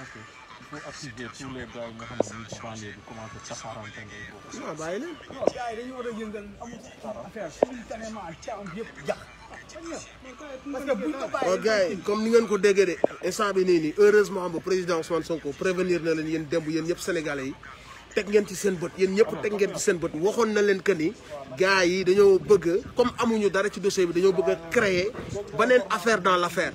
ok il faut activer tous les gars yi nga xam ne ñu ngi ci banlieue bi commencé a yëngal amul affaire oh, comme ni ngeen ko déggee de instant bi nii nii heureusement ba président Ousmane Sonko prévenir na leen yéen démb yéen ñëpp sénégalais yi. teg ngeen ci seen bët yéen ñëpp teg ngeen ci seen bët waxoon na leen que ni gars yi dañoo bëgg comme amuñu dara ci dossier bi dañoo bëgg créer beneen affaire dans l' affaire.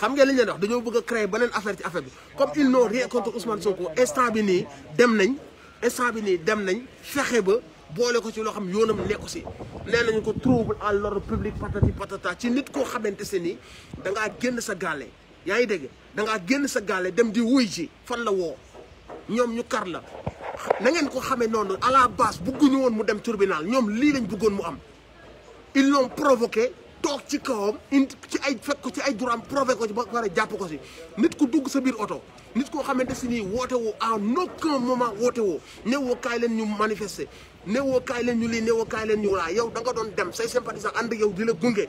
xam ngeen li ñu leen wax dañoo bëgg a créer beneen affaire ci affaire bi comme ils n'ont rien contre Ousmane Sonko bi nii dem nañ instant bi nii dem nañ fexe ba boole ko ci loo xam yoonam nekku si neen nañu ko trouble à l'ordre public patati patata ci nit koo xamante se nii dangaa génn sa gaale yaa ngi dégg da génn sa gaale dem di wuy ji fan la woo ñoom ñu kar la na ngeen ko xamee noonu à la base bëgguñu woon mu dem tribunal ñoom lii lañ bëggoon mu am ils l'ont toog ci kawam indi ci ay fekk ci ay droit am ko ci ba pare jàpp ko si nit ku dugg sa biir oto nit koo xamante si nii woote woo en aucun moment woote woo ne woo kaay leen ñu manifester newoo woo kaay leen ñu lii ne woo leen ñu laa yow da doon dem say sympathisant ànd yow di la gunge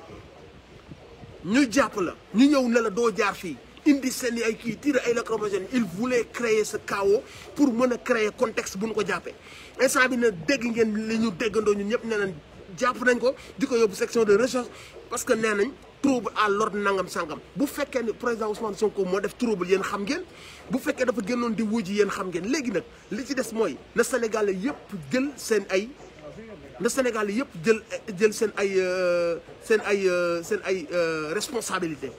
ñu jàpp la ñu ñëw ne doo jaar fii indi seen ay kii tiré ay lacrymogène il voulait créer sa chaos pour mën a créer contexte bu nu ko jàppee instant bi ne dégg ngeen ñu déggandoo ñun ñëpp ne leen jàpp nañ ko di ko yóbbu section de recherche parce que nee nañ trouble à l'ordre nangam sangam bu fekkee ne président Ousmane Sonko moo def trouble yéen xam ngeen bu fekkee dafa génnoon di wuji yéen xam ngeen léegi nag li ci des mooy na Sénégalais yëpp jël seen ay na Sénégalais yëpp jël jël seen ay euh, seen ay euh, seen ay euh, responsabilité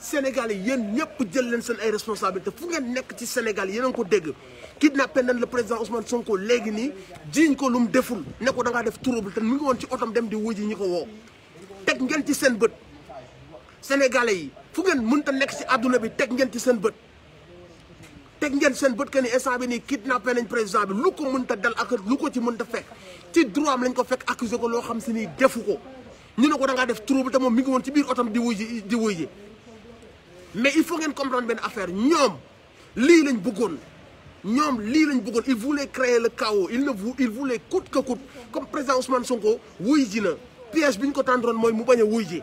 Sénégalais yéen ñëpp jël leen seen ay responsabilité fu ngeen nekk ci Sénégal yéen a ngi ko dégg kidnappé nañ le président Ousmane Sonko léegi nii jiiñ ko lu mu deful nekko danga da def trouble te mu ngi woon ci otom dem di wuji ñi ko woo teg ngeen ci seen bët sénégalais yi fu ngeen mënta nekk ci àdduna bi teg ngeen ci seen bët teg ngeen seen bët que ni instant bi nii kidnappé nañ président bi lu ko mënta dal ak lu ko ci mënta fekk ci droit am lañ ko fekk accusé ko loo xam si ni defu ko ñu ne ko da def trouble te moom mi ngi woon ci biir otom di wuy ji di wuy mais il faut ngeen comprendre benn affaire ñoom lii lañ bëggoon ñoom lii lañ bëggoon il voulait créer le chaos il ne vou il voulait coûte que coûte comme président Ousmane Sonko ji na piège bi ñu ko tendroon mooy mu bañ a wuy ji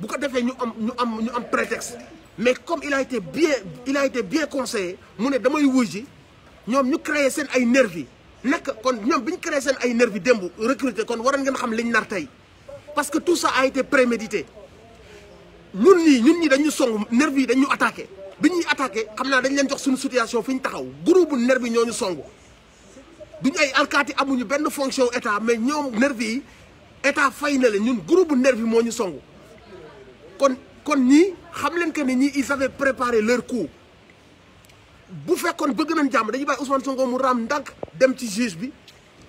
bu ko defee ñu am ñu am ñu am prétexte mais comme il a été bien il a été bien conseillé mu ne damay wuy ji ñoom ñu créé seen ay nervi nekk kon ñoom bi ñu créé seen ay nervi démb recruter kon waroon ngeen xam liñ nar tey parce que tout sax a été prémédité ñun ñii ñun ñi dañu songu nervi yi dañu attaqué bi ñuy attaqué xam naa dañ leen jox suñu situation fi ñu taxaw groupe nervi ñoo ñu songu duñu ay alkaati amuñu benn fonction état mais ñoom nervi yi état fay na leen ñun groupe bu nervi moo ñu songu kon kon ñii xam leen que ni ñii ils avaient préparé leur coup bu fekkoon bëgg nañ jàmm dañu bàyyi Ousmane Sonko mu raam ndànk dem ci juge bi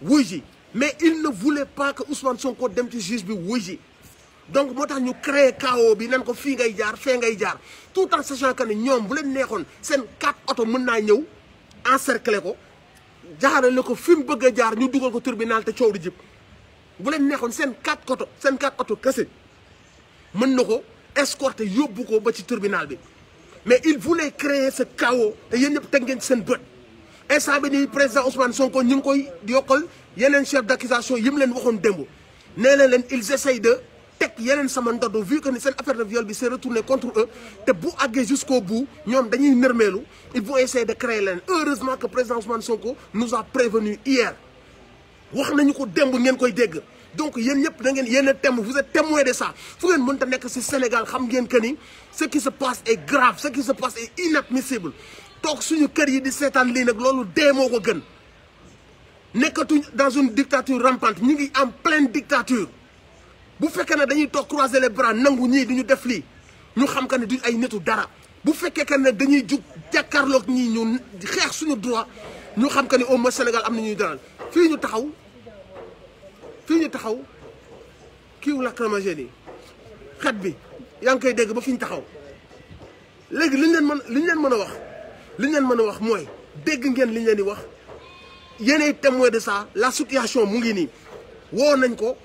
wuy ji mais il ne voulait pas que Ousmane Sonko dem ci juge bi wuy ji donc moo tax ñu créé chaos bi nan ko fii ngay jaar fee ngay jaar tout en sachant que ne ñoom bu leen neexoon seen quatre oto mën naa ñëw encercler ko jaarale ko fi mu bëgg a jaar ñu dugal ko tribunal te coow di jëpp bu leen neexoon seen quatre oto seen quatre oto kese mën na ko escorter yóbbu ko ba ci tribunal bi mais il voulait créer ce chaos te yéen ñëpp teg ngeen seen bët instant bi nii président Ousmane Sonko ñu ngi koy yokkal yeneen chef d'accusation yi leen waxoon démb nee na leen ils essayent de teg yeneen sama ndodd vu que ni seen affaire de viol bi s'est retourné contre eux te bu àggee jusqu'au bout ñoom dañuy nërmeelu il vont essayer de créer leen heureusement que président Ousmane Sonko nous a prévenu hier wax nañu ko démb ngeen koy dégg donc yéen ñëpp da ngeen yéen a témoin vous êtes de ça fu ngeen mënta nekk si Sénégal xam ngeen que ni ce qui se passe est grave ce qui se passe est inadmissible toog suñu kër yi di seetaan lii nag loolu dee moo ko gën nekkatuñ dans une dictature rampante ñu ngi en pleine dictature bu fekkee ne dañuy toog croiser les bras nangu ñii du ñu def lii ñu xam que ne duñ ay nitu dara bu fekkee que ne dañuy jug jàkkaarloog ñii ñu xeex suñu droit ñu xam que ne au moins Sénégal am na ñuy dalal fii ñu taxaw. fii ñu taxaw kiiw lacrymogène yi xet bi yaa ngi koy dégg ba fi ñu taxaw léegi li ñu leen mën li ñu leen mën a wax li ñu leen mën a wax mooy dégg ngeen li ñu leen di wax yéenay témoin de ça la situation mu ngi nii woo nañ ko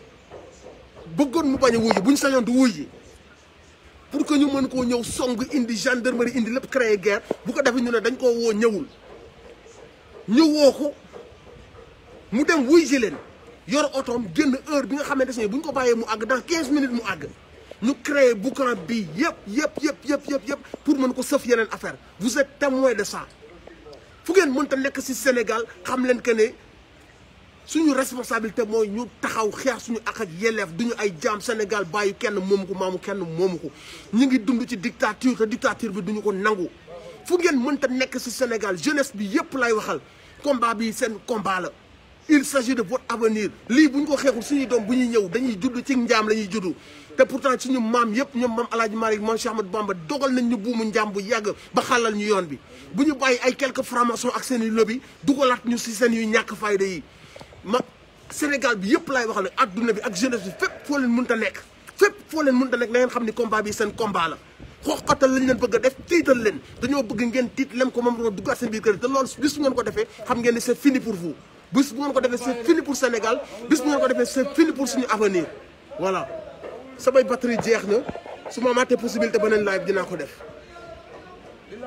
bëggoon mu bañ a wuyu bu ñu sañoon du wuyu pour que ñu mën koo ñëw song indi gendarmerie indi lépp créer guerre bu ko defee ñu ne dañ koo woo ñëwul ñëw woo ko mu dem wuyu ji leen. yor otoom génn heure bi nga xamante ne bu ñu ko bàyyee mu àgg dans quinze minutes mu àgg ñu créé boucan bi yëpp yëpp yëpp yëpp yëpp yëpp pour mën ko sëf yeneen affaire vous êtes témoin de ça fu ngeen mën mënta nekk ci Sénégal xam leen que ne suñu responsabilité mooy ñu taxaw xeex suñu ak ak du ñu ay jaam Sénégal bàyyi kenn moomu ko maamu kenn moomu ko ñu ngi dund ci dictature te dictature bi duñu ko nangu fu ngeen mënta nekk ci Sénégal jeunesse bi yëpp lay waxal combat il sa de votre avenir lii bu ñu ko xeexul suñuy doom bu ñuy ñëw dañuy judd ci njaam la ñuy juddu te pourtant suñu maam yëpp ñoom maam El Hadj Malick maam Cheikh Ahmadou Bamba dogal nañ ñu buumu njaam bu yàgg ba xalal ñu yoon bi. bu ñu bàyyi ay quelques francs-maçons ak seen i lobby dugalaat ñu si seen yu ñàkk fayda yi ma Sénégal bi yëpp laay wax ne adduna bi ak jeunesse bi fépp foo leen mënta nekk. fépp foo leen mënta nekk na ngeen xam ni combat bi seen combat ko moom duggaat seen biir kër te bis bu ngeen ko defee c'est fini pour Sénégal bis bu ngeen ko defee c'est fini pour suñu avenir voilà samay batterie jeex na su ma amaatee possibilité beneen live dinaa ko def.